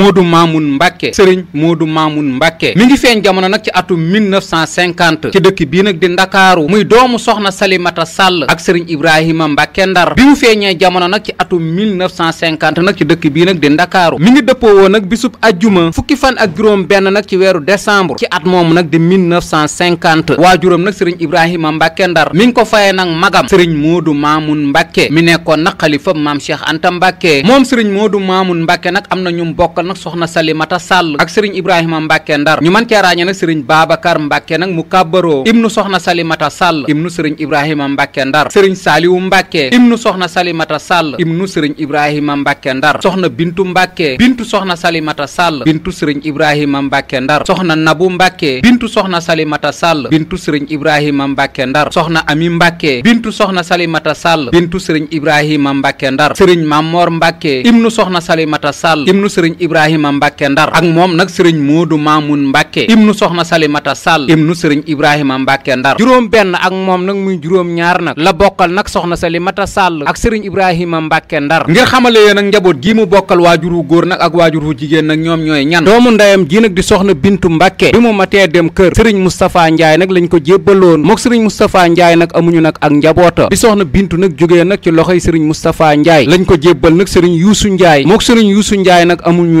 Modou Mamoun Mbacke Serigne Modou Mamoun Mbacke mi ngi feeñ jamono nag ci atum 1950 ci dëkk bii nag di Ndakaaru muy doomu soxna Salimata Sall ak Serigne Ibrahima Mbacke Ndar bi mu feeñee jamono nag ci atum 1950 nag ci dëkk bii nag di Ndakaaru mi ngi dëppoo woon nag bisub ajjuma fukki fan ak juróom benn nag ci weeru décembre ci at moomu nag di 1950 waajuram nag Serigne Ibrahima Mbacke Ndar mi ngi ko fayee nag magam Serigne Modou Mamoun Mbacke mi nekkoon nag xalifa maam Cheikh Anta Mbacke moom Serigne Modou Mamoun Mbacke nag am na ñu mbokk nag soxna salimata sàll ak sëriñ ibrahima mbàkke ndar ñu mën cee ràññee nag sëriñ baabakar mbàkke nag mu kàbbaroo ibnu soxna salimata sàll ibnu sëriñ ibrahima mbàkke ndar sëriñ saaliwu mbàkke ibnu soxna salimata sàll ibnu sëriñ ibrahima mbàkke ndar soxna bintu mbàkke bintu soxna salimata sàll bintu sëriñ ibrahima mbàkke ndar soxna nabu mbàkke bintu soxna salimata sàll bintu sëriñ ibrahima mbàkke ndar soxna ami mbàkke bintu soxna salimata sàll bintu sëriñ ibrahima mbàkke ndar sëriñ mamor mbàkke ibnu soxna salimata sàll ibnu sëriñ ibrahima Ibrahima Mbacke Ndar ak moom nag sëriñ Moodu Maamun Mbacke ibnu soxna Salimata Sall ibnu sëriñ Ibrahima Mbacke Ndar juróom benn ak moom nag muy juróom ñaar nag la bokkal nag soxna mata Sall ak sëriñ Ibrahima Mbacke Ndar ngir xamale yéen njaboot gii mu bokkal waajur wu góor nag ak waajur wu jigéen nag ñoom ñooy ñan doomu ndeyam ji nag di soxna Bintu Mbacke bi mu matee dem kër sëriñ Moustapha Ndiaye nag lañ ko jébbaloon mook sëriñ Moustapha Ndiaye nag amuñu nag ak njaboota bi soxna Bintu nag jógee nag ci loxoy sëriñ Moustapha Ndiaye lañ ko jébbal nag sëriñ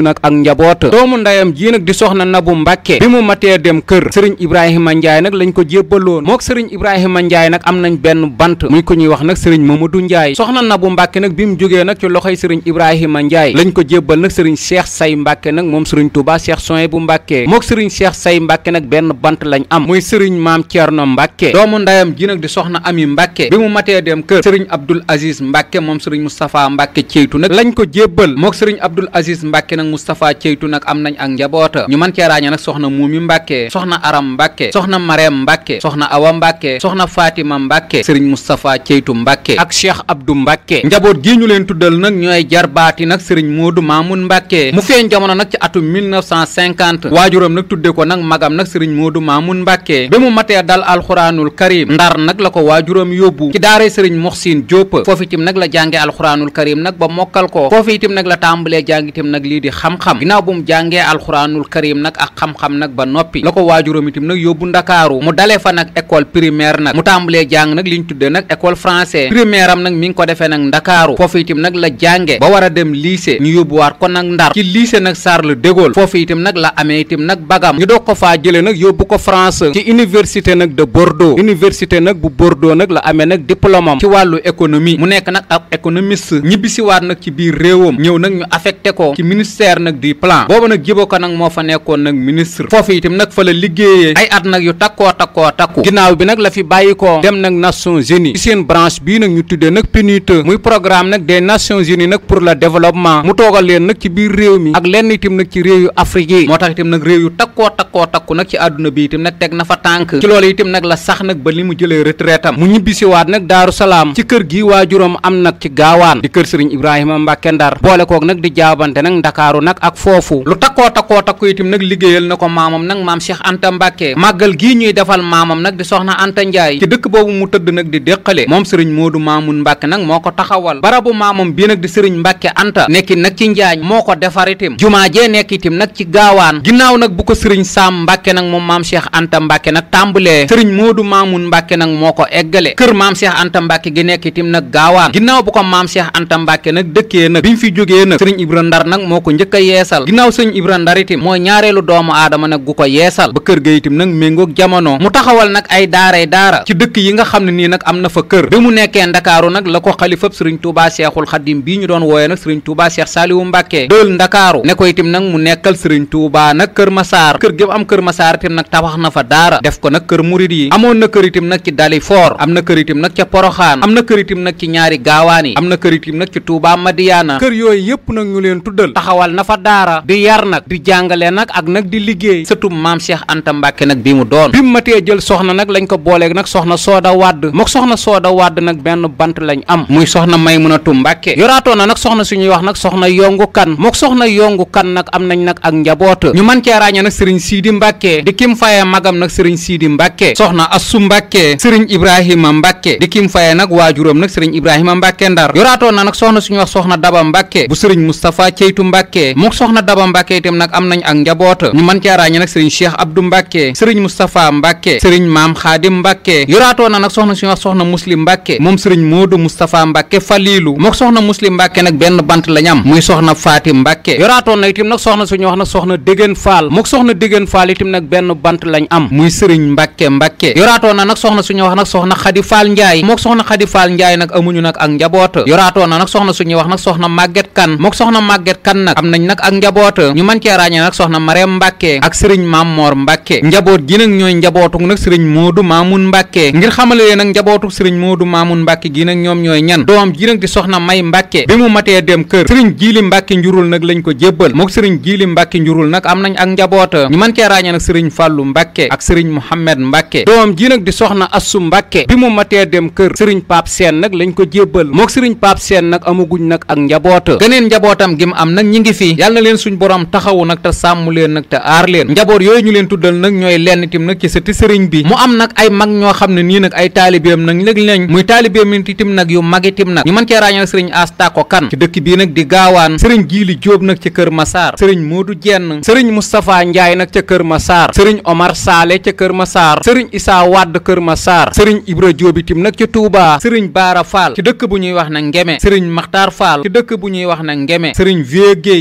ànduñu nag ak njaboot doomu ndayam jii nag di soxna Nabu Mbàkke bi mu matee dem kër sëriñ Ibrahima Ndiaye nag lañ ko jébbaloon mook sëriñ Ibrahima Ndiaye nag am nañ benn bant muy ko ñuy wax nag sëriñ Mamadou Ndiaye soxna Nabu Mbàkke nag bi mu jógee nag ci loxoy sëriñ Ibrahima Ndiaye lañ ko jébbal nag sëriñ Cheikh Say Mbàkke nag moom sëriñ Touba Cheikh Soin bu Mbàkke mook sëriñ Cheikh Say Mbàkke nag benn bant lañ am muy sëriñ Maam Thierno Mbàkke doomu ndayam ji nag di soxna Ami Mbàkke bi mu matee dem kër sëriñ Abdoul Aziz Mbàkke moom sëriñ Moustapha Mbàkke ceytu nag lañ ko jébbal mook sëriñ Abdoul Aziz Mbàkke nag Moustapha Ceytu nag am nañ ak njaboota ñu mën cee ràññee nag soxna Muumi Mbàkke soxna Aram Mbàkke soxna Mareem Mbàkke soxna Awa Mbàkke soxna Fatima Mbàkke sëriñ Moustapha Ceytu Mbàkke ak Cheikh Abdou Mbàkke njaboot gi ñu leen tuddal nag ñooy jarbaati nag sëriñ Moodu Maamun Mbàkke mu feeñ jamono nag ci atum 1950 waajuram nag tudde ko nag magam nag sëriñ Moodu Maamun Mbàkke ba mu matee dal alxuraanul karim ndar nag la ko waajuram yóbbu ci daare sëriñ Moxsin nag la jànge alxuraanul karim nag ba mokkal ko foofu itam la tàmbalee xam-xam ginnaaw bu mu jàngee alxuraanul karim nag ak xam-xam nag ba noppi la ko waajuram itam nag yóbbu ndakaaru mu dalee fa nag école primaire nag mu tàmbalee jàng nag li ñu tuddee nag école français primaire am mi ngi ko defee nag ndakaaru foofu itam nag la jànge ba war a dem lycée ñu yóbbuwaat ko nag ndar ci lycée nag Charles dégool Gaulle foofu itam nag la amee itam nag bagam ñu doog ko faa jëlee nag yóbbu ko France ci université nag de Bordeaux université nag bu Bordeaux nag la amee nag diplôme am ci wàllu économie mu nekk nag ab économiste ñibbisiwaat nag ci biir réewam ñëw nag ñu affecté ko ci tiers nag du plan boobu nag jibo ko nag moo fa nekkoon nag ministre foofu itam nag fa la liggéeyee ay at nag yu takkoo takkoo takku ginnaaw bi nag la fi bàyyi koo dem nag Nations Unies ci seen branche bii nag ñu tuddee nag PNUD muy programme nag des Nations Unies nag pour le développement mu toogal nag ci biir réew mi ak lenn itam nag ci réew yu Afrique yi moo tax itam nag réew yu takkoo takkoo nag ci àdduna bi itam nag teg na fa tànk ci loolu nag la ndakaaru nag ak foofu lu takkoo takkoo takku itam nag liggéeyal na ko maamam nag maam Cheikh Anta Mbàkke màggal gii ñuy defal maamam nag di soxna Anta Njaay ci dëkk boobu mu tëdd nag di déqale moom sëriñ Moodu Maamun Mbàkke nag moo ko taxawal barabu maamam bii nag di sëriñ Mbàkke Anta nekki nag ci Njaañ moo ko defar itam jumaa jee nekk itam nag ci gaawaan ginnaaw nag bu ko sëriñ Saam Mbàkke nag moom maam Cheikh Anta Mbàkke nag tàmbalee sëriñ Moodu Maamun Mbàkke nag moo ko eggale kër maam Cheikh gi nekk itam nag gaawaan ginnaaw bu ko maam Cheikh Anta Mbàkke nag dëkkee nag biñ njëkk a yeesal ginnaaw sëñ ko yeesal ba kër ga itam nag yi nga xam ne nii nag am na fa kër bi mu nekkee ndakaaru nag la ko xalifab sëriñ Touba Seexul Xadim bii ñu doon wooye nag sëriñ Touba Seex Saaliwu Mbàkke dël ndakaaru ne ko itam nag mu nekkal sëriñ Touba nag kër Masaar kër gépp am kër Masaar itam nag tabax na fa daara def ko nag kër murid yi amoon na kër itam nag ci Dalifoor am na kër itam nag ca am na kër itam nag ci ñaari gaawaan yi am na kër itam nag ci Touba Madiyaana kër yooyu yépp nag ñu leen tuddal taxawal na fa daara di yar nag di jàngale nag ak nag di liggéey sëtum maam Cheikh Anta Mbàkke nag bi mu doon bi mu matee jël soxna nag lañ ko booleeg nag soxna Sooda Wàdd mook soxna Sooda wadd nag benn bant lañ am muy soxna Maymunatu Mbàkke yoraatoon na nag soxna suñuy wax nag soxna yongu kan mook soxna yongu kan nag am nañ nag ak njaboot ñu man cee ràññee nag sëriñ Siidi Mbàkke di kim fayee magam nag sëriñ Siidi Mbàkke soxna Assu Mbàkke sëriñ Ibrahima Mbàkke di kim fayee nag waajuram nag sëriñ Ibrahima Mbàkke Ndar yoraatoon na nag soxna suñuy wax soxna Daba Mbàkke bu sëriñ Mustapha Ceytu Mbàkke Mbàkke mook soxna Daba Mbàkke itam nag am nañ ak njaboot ñu mën caa ràññee nag sëriñ Cheikh Abdou Mbàkke sëriñ Moustapha Mbàkke sëriñ Maam Xaadim Mbàkke yoraatoo na nag soxna suñu wax soxna Muslim Mbàkke moom sëriñ Moodu Moustapha Mbàkke Faliilu mook soxna Muslim Mbàkke nag benn bant lañ am muy soxna Faati Mbàkke yoraatoon na itam nag soxna suñu wax nag soxna Dégéen Faal mook soxna Dégéen Faal itam nag benn bant lañ am muy sëriñ Mbàkke Mbàkke yoraatoon na nag soxna suñu wax nag soxna Xadi Faal Njaay mook soxna Xadi Faal Njaay nag amuñu nag ak njaboot yoraatoon na nag soxna suñu wax nag soxna Màgget Kan mook soxna Màgget Kan nag am nañ nag ak njaboot ñu mën cee ràññee nag soxna Mareem Mbàkke ak sëriñ Mamor Mbàkke njaboot gi nag ñooy njabootuk nag sëriñ Moodu Maamun Mbàkke ngir xamale leen nag njabootuk sëriñ Moodu Maamun Mbàkke gi nag ñoom ñooy ñan doom ji nag di soxna May Mbàkke bi mu matee dem kër sëriñ Jiili Mbàkke njurul nag lañ ko jébbal mook sëriñ Jiili Mbàkke njurul nag am nañ ak njaboot ñu mën cee ràññee nag sëriñ Fàllu Mbàkke ak sëriñ Muhammad Mbàkke doom ji nag di soxna Assu Mbàkke bi mu matee dem kër sëriñ Paap Seen nag lañ ko jébbal mook sëriñ Paap Seen nag amaguñ nag ak fii yal na leen suñ borom taxawu nag te sàmm leen nag te aar leen njaboot yooyu ñu leen tuddal nag ñooy lenn tim nag ci sëti sëriñ bi mu am nag ay mag ñoo xam ne nii nag ay taalibeem nag nag lañ muy taalibeem nit tim nag yu magi tim nag ñu mën cee ràññal sëriñ Astako Kan ci dëkk bii nag di gaawaan sëriñ Jiili Jóob nag ci Kër Masaar sëriñ Moodu Jenn sëriñ Moustapha Njaay nag ca Kër Masaar sëriñ Omar Saale ca Kër Masaar sëriñ Isaa Wadd Kër Masaar sëriñ Ibra Jóob itim nag ci Touba sëriñ Baara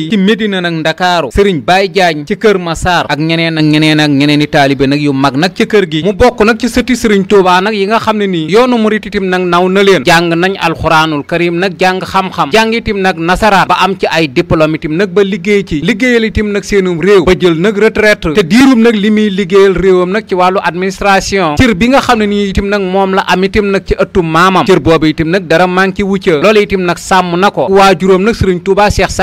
ci Medina nag Ndakaaru Serigne Baye Diagne ci Kër Massar ak ñeneen ak ñeneen ak ñeneen i taalibe nag yu mag nag ci kër gi mu bokk nag ci sëti Serigne Touba nag yi nga xam ne nii yoonu murit itam nag naw na leen jàng nañ alxuraanul karim nag jàng xam-xam jàng itam nag nasaraan ba am ci ay diplôme itam nag ba liggéey ci liggéeyal itam nag seenum réew ba jël nag retraite te diirum nag li muy liggéeyal réewam nag ci wàllu administration cër bi nga xam ne nii itam nag moom la am itam nag ci ëttu maamam cër boobu itam nag dara manqué wu ca loolu itam nag sàmm na ko waajuróom nag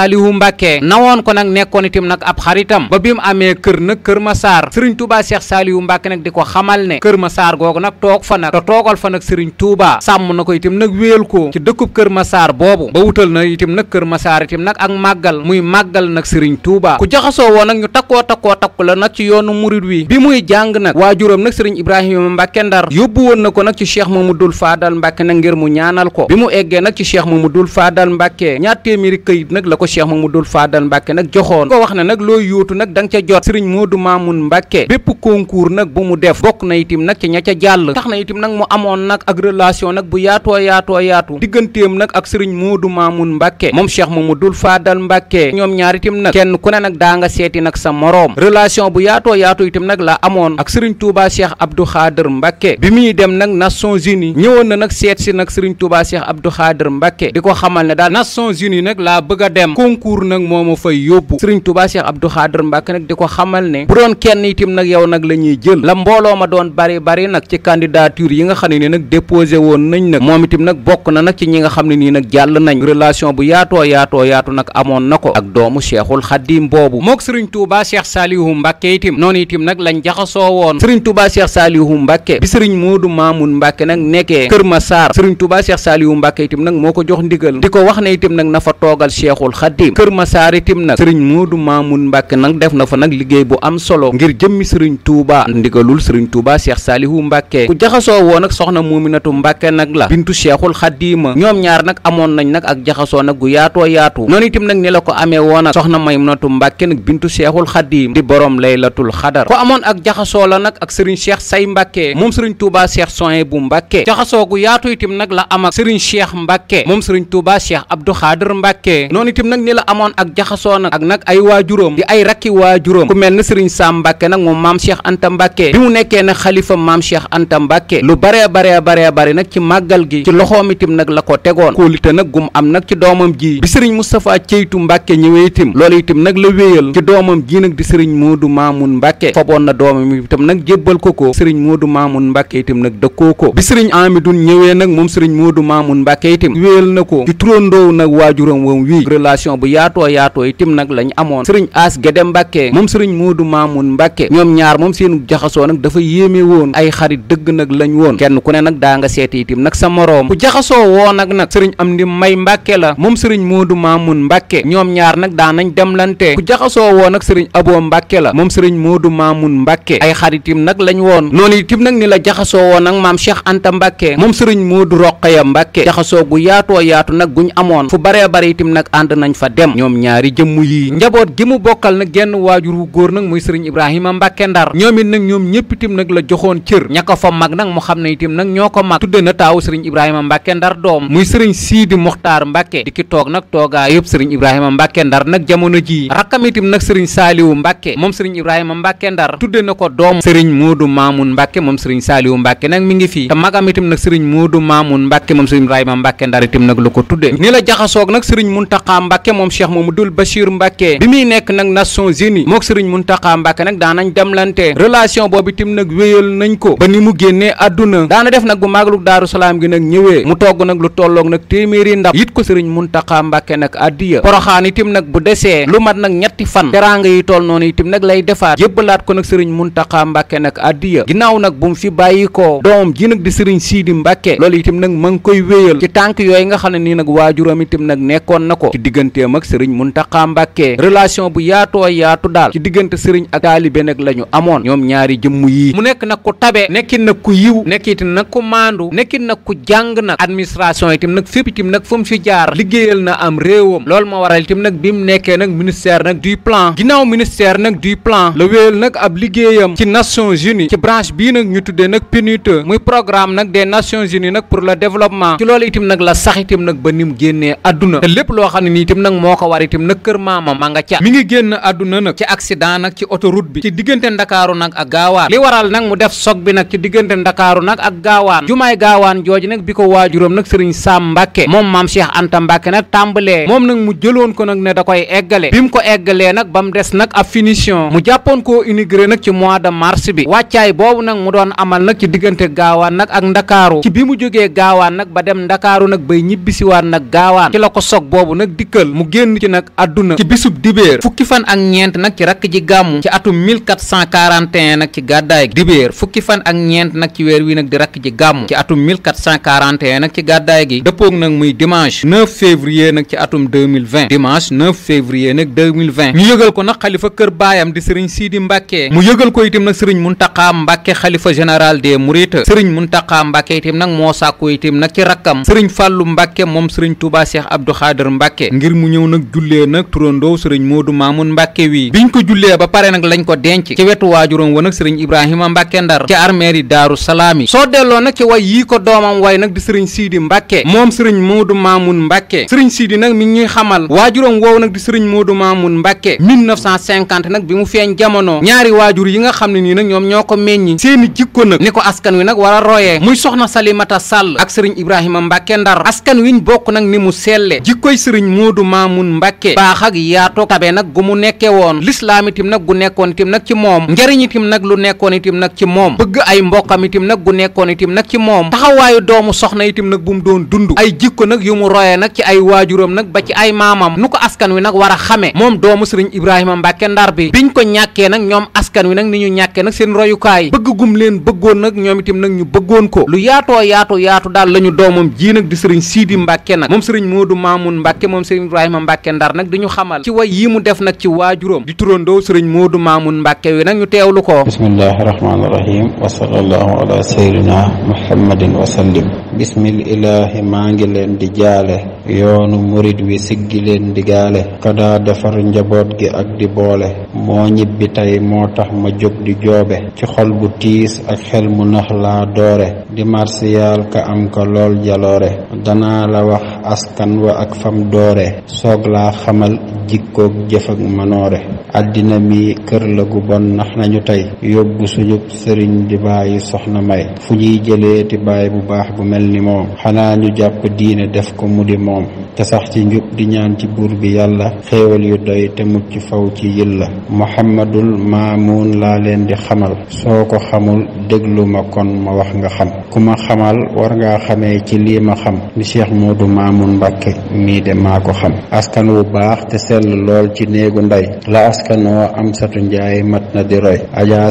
na nawoon ko nag nekkoon itam nag ab xaritam ba bi mu amee kër nag kër Masaar Serigne Touba Cheikh Saliou Mbacke nag di ko xamal ne kër Masaar googu nag toog fa nag toogal fa nag Serigne Touba sàmm na ko itam nag wéyal ko ci dëkkub kër Masaar boobu ba wutal na itam nag kër Masaar itam nag ak maggal muy màggal nag Serigne Touba ku jaxasoo woon nag ñu takkoo takkoo takk la nag ci yoonu murid wi bi muy jàng nag waajuram nag Serigne Ibrahima Mbacke Ndar yóbbu woon na ko nag ci Cheikh Mamadou Fadal Mbacke nag ngir mu ñaanal ko bi mu eggee nag ci Cheikh Mamadou Fadal Mbacke ñaar téeméeri këyit Fadal Mbacke nag joxoon ko wax ne nag loo yóotu nag da nga ca jot Serigne Modou Mamoun Mbacke bépp concours nag bu mu def bokk na itim nag ci ña ca jàll tax na itim nag mu amoon nag ak relation nag bu yaatoo yaatoo yaatu digganteem nag ak Serigne Modou Mamoun Mbacke moom Cheikh Mamadou Fadal Mbacke ñoom ñaar itim nag kenn ku ne nag daa nga seeti nag sa moroom relation bu yaatoo yaatu itim nag la amoon ak Serigne Touba Cheikh Abdou Khader Mbacke bi muy dem nag Nations Unies ñëwoon na nag seet si nag Serigne Touba Cheikh Abdou Khader Mbacke di ko xamal a moo ma fay yóbbu sëriñ tubaa cheikh abdou xaadir mbàkke nag di ko xamal ne bu doon kenn itim nag yow nag la ñuy jël la mbooloo ma doon bari bari nag ci candidature yi nga xam ne nii nag déposé woon nañ nag moom itim nag bokk na nag ci ñi nga xam ne nii nag jàll nañ relation bu yaatoo yaato yaatu nag amoon na ko ak doomu cheikhul xaddim boobu mook sëriñ tubaa cheikh saalihu mbàkke itim noonu itim nag lañ jaxasoo woon sëriñ tubaa cheikh saalihu mbàkke bi sëriñ moodu maamun mbàkke nag nekkee kër masaar sëriñ tubaa cheikh saalihu mbàkke itim nag moo ko jox ndigal nag na fa toogal cheikhul Dakar itim nag sëriñ Moodu Maamun Mbàkke nag def na fa nag liggéey bu am solo ngir jëmmi sëriñ Touba ndigalul sëriñ Touba Cheikh Saalihu Mbàkke ku jaxasoo woon nag soxna Muuminatu Mbàkke nag la bintu Cheikhul Xadiima ñoom ñaar nag amoon nañ nag ak jaxasoo nag gu yaatoo yaatu noonu itim nag ni la ko amee woon soxna Maymunatu mbakke nag bintu Cheikhul Xadiim di borom laylatul xadar ko amoon ak jaxasoo la nag ak sëriñ Cheikh Say Mbàkke moom sëriñ tuuba Cheikh Soin bu Mbàkke jaxasoo gu yaatu itim nag la am sëriñ Cheikh Mbàkke moom sëriñ Touba Cheikh jaxasoo nag ak nag ay waajuróom di ay rakki waajuróom ku mel ne sëriñ Sam Mbàkke nag moom maam Cheikh Anta Mbàkke bi mu nekkee ne xalifa maam Cheikh Anta Mbàkke lu baree baree baree bari nag ci màggal gi ci loxoom itam nag la ko tegoon kóolite nag gum am nag ci doomam ji bi sëriñ Moustapha Ceytu mbakke ñëwee itam loolu itam nag la wéyal ci doomam jii nag di sëriñ moo Moodu Maamun Mbàkke foboon na doomam itam nag jébbal ko ko sëriñ Moodu Maamun Mbàkke itam nag dëkkoo ko bi sëriñ Amidun ñëwee nag moom sëriñ Moodu Maamun Mbàkke itam ko plateau yi tim nag lañ amoon sëriñ As Gédé Mbàkke moom sëriñ Moodu Maamun Mbàkke ñoom ñaar moom seenu jaxasoo nag dafa yéeme woon ay xarit dëgg nag lañ woon kenn ku ne nag daa nga seeti itim nag sa moroom ku jaxasoo woo nag nag sëriñ Amdi Mbay Mbàkke la moom sëriñ Moodu Maamun Mbàkke ñoom ñaar nag daa nañ demlante ku jaxasoo woo nag sëriñ Aboo Mbàkke la moom sëriñ Moodu Maamun Mbàkke ay xaritim nag lañ woon noonu itim nag ni la jaxasoo woo nag maam Cheikh Anta Mbàkke moom sëriñ Moodu Roqaya Mbàkke jaxasoo gu yaatoo yaatu nag guñ amoon fu baree bare itim nag ñaari jëmm yi njaboot gi mu bokkal nag genn waajur wu góor nag muy sëriñ Ibrahima Mbacke Ndar ñoom it nag ñoom ñëpp itam nag la joxoon cër ña fa mag nag mu xam ne itam nag ñoo ko mag tudde na taaw sëriñ Ibrahima Mbacke Ndar doom muy sëriñ Siidi Muxtaar Mbacke di ki toog nag toogaa yëpp sëriñ Ibrahima Mbacke Ndar nag jamono jii rakkam itam nag sëriñ Saaliwu Mbacke moom sëriñ Ibrahima Mbacke Ndar tudde na ko doom sëriñ Moodu Maamun Mbacke moom sëriñ Saaliwu Mbacke nag mi ngi fii te magam itam nag sëriñ Moodu Maamun Mbacke moom sëriñ Ibrahima Mbacke Ndar itam nag la ko tudde ni la jaxasoog nag sëriñ Muntaxa Mbacke moom Cheikh Mouhamadoul Bachir Mbacke bi muy nekk nag Nations Unies mook Serigne Mountakha Mbacke nag daanañ demlante relation boobu tim nag wéyal nañ ko ba ni mu génnee àdduna daana def nag bu magalug Daaru Salaam gi nag ñëwee mu togg nag lu tolloog nag téeméeri ndab yit ko Serigne Mountakha Mbacke nag addiya poroxaan itim nag bu desee lu mat nag ñetti fan teraanga yi toll noonu itim nag lay defaat jébbalaat ko nag Serigne Mountakha Mbacke nag addiya ginnaaw nag bu mu fi bàyyi ko doomam ji nag di Serigne Sidi Mbacke loolu nag ma ngi koy wéyal ci yooyu nga xam ne nii nag waajuram itim nag nekkoon na ko ci digganteem ak Serigne Muntaxa Mbàkke relation bu yaatoo yaatu daal ci diggante sëriñ ak taalibe nag la ñu amoon ñoom ñaari jëmm yii mu nekk nag ku tabe nekkin nag ku yiw nekkit nag ku maandu nekkit nag ku jàng nag administration itam nag fépp itam nag fu fi jaar liggéeyal na am réewam loolu moo waral itam nag bi mu nekkee nag ministère nag du plan ginnaaw ministère nag du plan la wéyal nag ab liggéeyam ci Nations Unies ci branche bii nag ñu tuddee nag PNUD e muy programme itam nag kër maama ma nga ca mi ngi génn àdduna nag ci accident nag ci autoroute bi mu def bi nag ci diggante ndakaaru nag ak gaawaan jumaay gaawaan jooju nag bi ko waajuram nag sëriñ Sam Mbàkke moom maam Cheikh Anta Mbàkke nag tàmbalee ko nag ne da koy eggale bi mu ko eggalee nag ba mu des nag ab finition mu jàppoon koo inauguré nag ci mois de mars bi wàccaay boobu nag mu doon amal nag ci diggante gaawaan nag ak ndakaaru ci bi mu jógee gaawaan nag ba dem ndakaaru nag bay ñibbisiwaat nag gaawaan ci la ko sog boobu nag dikkal mu génn ci nag nag àdduna ci bisub dibéer fukki fan ak ñeent nag ci rakk ji gàmmu ci atum 1441 nag ci gàddaay gi dibéer fukki fan ak ñeent nag ci weer wi nag di rakk ji gàmmu ci atum 1441 nag ci gàddaay gi dëppoog nag muy dimanche 9 février nag ci atum 2020 dimanche 9 février nag 2020 ñu yëgal ko nag xalifa kër baayam di sëriñ Sidi Mbàkke mu yëgal ko itam nag sëriñ Muntaxa Mbàkke xalifa général des Mourides sëriñ Muntaxa Mbàkke itam nag moo sàkku itam nag ci rakkam sëriñ Fàllu Mbàkke moom sëriñ Tuubaa Seex Abdu Xaadir Mbàkke ngir mu ñëw nag jullee nag turandoo sëriñ Modou Mamoun Mbacke wi biñ ko jullee ba pare nag lañ ko denc ci wetu waajuram wa nag sëriñ Ibrahima Mbacke Ndar ci armeeri Daaru Salaam yi soo delloo nag ci way yii ko doomam way nag di sëriñ Sidi Mbacke moom sëriñ Modou Mamoun Mbacke sëriñ Sidi nag mi ñuy xamal waajuram woow nag di sëriñ Modou Mamoun Mbacke 1950 nag bi mu feeñ jamono ñaari waajur yi nga xam ne nii nag ñoom ñoo ko meññi seeni jikko nag ni ko askan wi nag war a royee muy soxna Salimata Sall ak sëriñ Ibrahima ni mu selle jikkoy sëriñ Modou Mamoun nekkee baax ak yaatoog tabe nag gu mu nekke woon lislaam nag gu nekkoon itim nag ci moom njariñ itim nag lu nekkoon itim nag ci moom bëgg ay mbokkam nag gu nekkoon itim nag ci moom taxawaayu doomu soxna itim nag bu mu doon dund ay jikko nag yu mu royee nag ci ay waajuram nag ba ci ay maamam nu ko askan wi nag war a xamee moom doomu sëriñ Ibrahima Mbàkke Ndar bi biñ ko ñàkkee nag ñoom askan wi nag ni ñu ñàkkee nag seen royukaay bëgg bëggum leen bëggoon nag ñoom itam nag ñu bëggoon ko lu yaatoo yaatu yaatu daal la ñu doomam ji nag di sëriñ Sidi Mbàkke nag moom sëriñ du Maamun Mbàkke moom sëriñ Ibrahima Mbàkke Ndar nag di ñu xamal ci way yi mu def nag ci waajuróom di turandoo sëriñ Moodu Maamun Mbàkke wi nag ñu teewlu ko bismillahi rahmaani rahim wa sallallahu ala sayyidina muhammadin wa sallim bismillahi maa ngi leen di jaale yoonu murid wi siggi leen di gaale ka daa defar njaboot gi ak di boole moo ñibbi tey moo tax ma jóg di joobe ci tiis ak xel mu nax laa doore di marsiyaal ka am ko lool jaloore danaa la wax askan wa ak fam doore soog laa xamal jikkoog jëf ak manoore àddina mi kër la gu bon nax nañu tey yóbbu suñu sëriñ di bàyyi soxna may fu ñuy jëlee ti baay bu baax bu mel ni moom xanaa ñu jàpp diine def ko mu di moom te sax ci njub di ñaan ci buur bi yàlla xéewal yu doy te mucc faw ci yilla muhammadul maamun laa leen di xamal soo ko xamul déglu ma kon ma wax nga xam ku ma xamal war ngaa xamee ci lii ma xam ni Cheikh Modou Mamoun Mbacke mii de maa ko askan wu baax te sell lool ci néegu ndey la askanoo am satu njaay mat na di roy Adja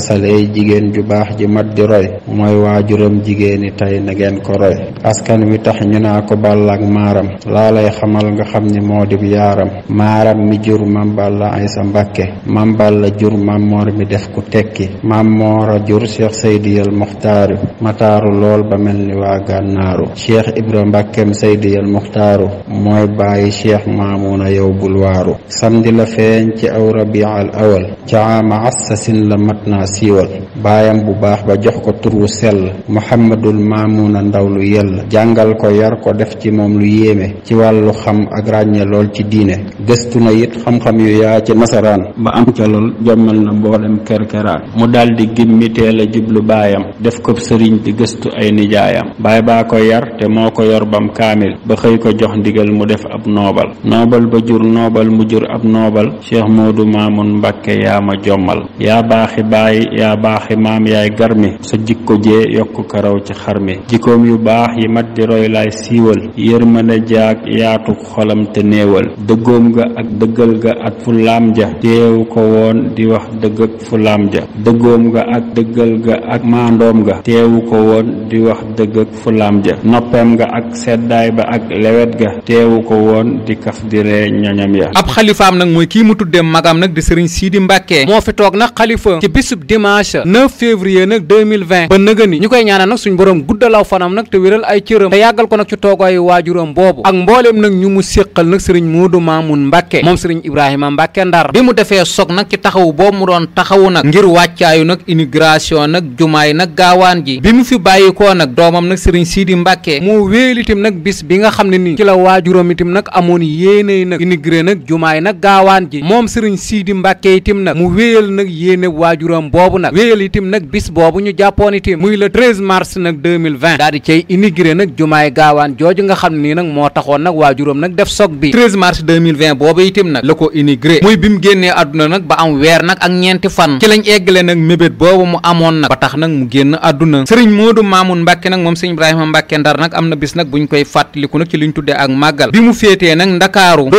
jigéen ju baax ji mat di roy mooy waajuram jigéeni tey na ngeen ko roy askan wi tax ñu naa ko bàll ak maaram laalay xamal nga xam ni moo di yaaram maaram mi jur mam balla ay sa Mbacke mam balla jur mam moor mi def ku tekki mam moora jur cheikh saydiyal muxtaaru mataaru lool ba mel ni waa gànnaaru cheikh ibra mbàkkem saydiyal muxtaaru mooy bàyyi cheikh maamuna yow bul waaru samedi la feeñ ci aw rabial awal ca ama assasin la mat na siiwal baayam bu baax ba jox ko tur wu sell muhammadul maamuna ndaw lu yell jàngal ko yar ko def ci moom lu yéeme ci wàllu xam ak ràññe lool ci diine gëstu na it xam-xam yu yaa ci nasaraan ba am ca lool jommal na mboolem kerkeraan mu daldi gimmi teela la jublu baayam def ko sëriñ di gëstu ay nijaayam baay baa ko yar te moo ko yor bam kaamil ba xëy ko jox ndigal mu def ab noobal noobal ba jur noobal mu jur ab noobal cheikh du maamun mbàkke yaa ma jommal yaa baaxi baay yaa baaxi maam yaay garmi sa jikko jee yokk karaw ci xar mi jikkoom yu baax yi mat di roy laay siiwal yërmande jaag yaatu xolam te néewal dëggoom ga ak dëggal ga ak fu laam ja teew ko woon di wax dëgg ak fu ja dëggoom ga ak ga ak maandoom ga teewu ko woon di wax dëgg ak fulaam ja noppam ga ak seddaay ba ak lewet ga teewu ko woon di kaf di ree ñoñam ya ab xalifaam nag mooy kii mu tuddee magam nag di sëriñ Sidi Mbàkke moo fi toog nag xalifa ci bisub dimanche 9 février nag 2020 ba nëgëni ñu koy ñaanal nag suñ borom guddalaw fanam nag te wéral ay cëram te yàggal ko nag ci toogaayu waajuram boobu ak mbooleem nag ñu mu séqal nag sëriñ Moodu Maamun Mbàkke moom sëriñ Ibrahima Mbàkke Ndar bi mu defee soog nag ci taxawu boobu mu moo nag jumaay nag gaawaan ji bi mu fi bàyyikoo nag doomam nag sëriñ Sidi Mbàkke moo wéelitam nag bis bi nga xam ne nii ci la waajuram itam nag amoon yéene nag inigré nag jumaay nag gaawaan ji moom sëriñ Sidi Mbàkke itam nag mu wéyal nag yéene waajuram boobu nag wéyal itam nag bis boobu ñu jàppoon itam muy le 13 mars nag 2020 daal di cay inigré nag jumaay gaawaan jooju nga xam ne nii nag moo taxoon nag waajuram nag def soog bi 13 mars 2020 boobu itam nag la ko inigré muy bi mu génnee àdduna nag ba am weer nag ak ñeenti fan ci lañ eggale nag mébét boobu mu amoon woon nag ba tax nag mu génn àdduna sëriñ Modou Mamoun Mbacke nag moom sëriñ Ibrahima Mbacke Ndar nag am na bis nag buñ koy fàttaliku nag ci liñ tuddee ak màggal bi mu féetee nag ndakaaru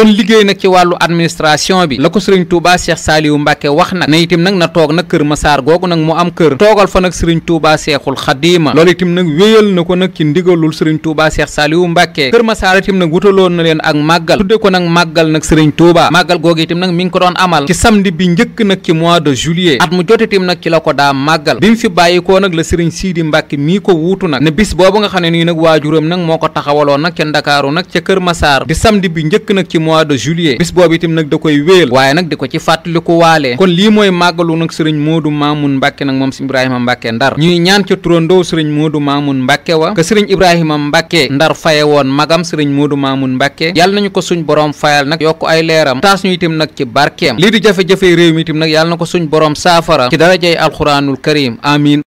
na toog nag kër Masaar googu nag mu am kër toogal fa nag sëriñ Touba Cheikhul Xadima loolu itam nag wéyal na ko nag ci ndigalul sëriñ Touba Cheikh Saliou Mbacke kër Masaar itam nag wutaloon na leen ak màggal tudde ko nag màggal nag sëriñ Touba màggal googu itam nag mi ngi ko doon amal ci samedi bi njëkk nag ci mois de juillet màggal bi mu fi bàyyikoo nag la sëriñ Sidi Mbàkke mii ko wuutu nag ne bis boobu nga xam ne nii nag waajuram nag moo ko taxawaloon nag ca Ndakaaru nag ca Kër Masaar di samedi bi njëkk nag ci mois de juillet bis boobu itam nag da koy wéel waaye nag di ko ci fàttaliku waalee kon lii mooy màggalu nag sëriñ Moodu Maamun Mbàkke nag moom si Ibrahima Mbàkke Ndar ñuy ñaan ca turandoo sëriñ Moodu Maamun Mbàkke wa que sëriñ Ibrahima Mbàkke Ndar faye woon magam sëriñ Moodu Maamun yokk ay leeram taas ñu itam nag ci barkeem lii di jafe-jafe réew mi itam na ko suñ boroom saafara الرحيم آمين